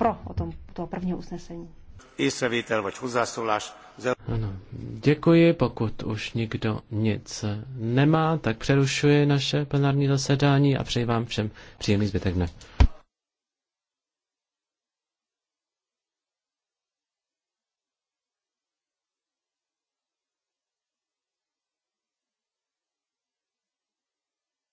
pro o tom, toho prvního usnesení. Ano, děkuji. Pokud už nikdo nic nemá, tak přerušuji naše plenární zasedání a přeji vám všem příjemný zbytek dne.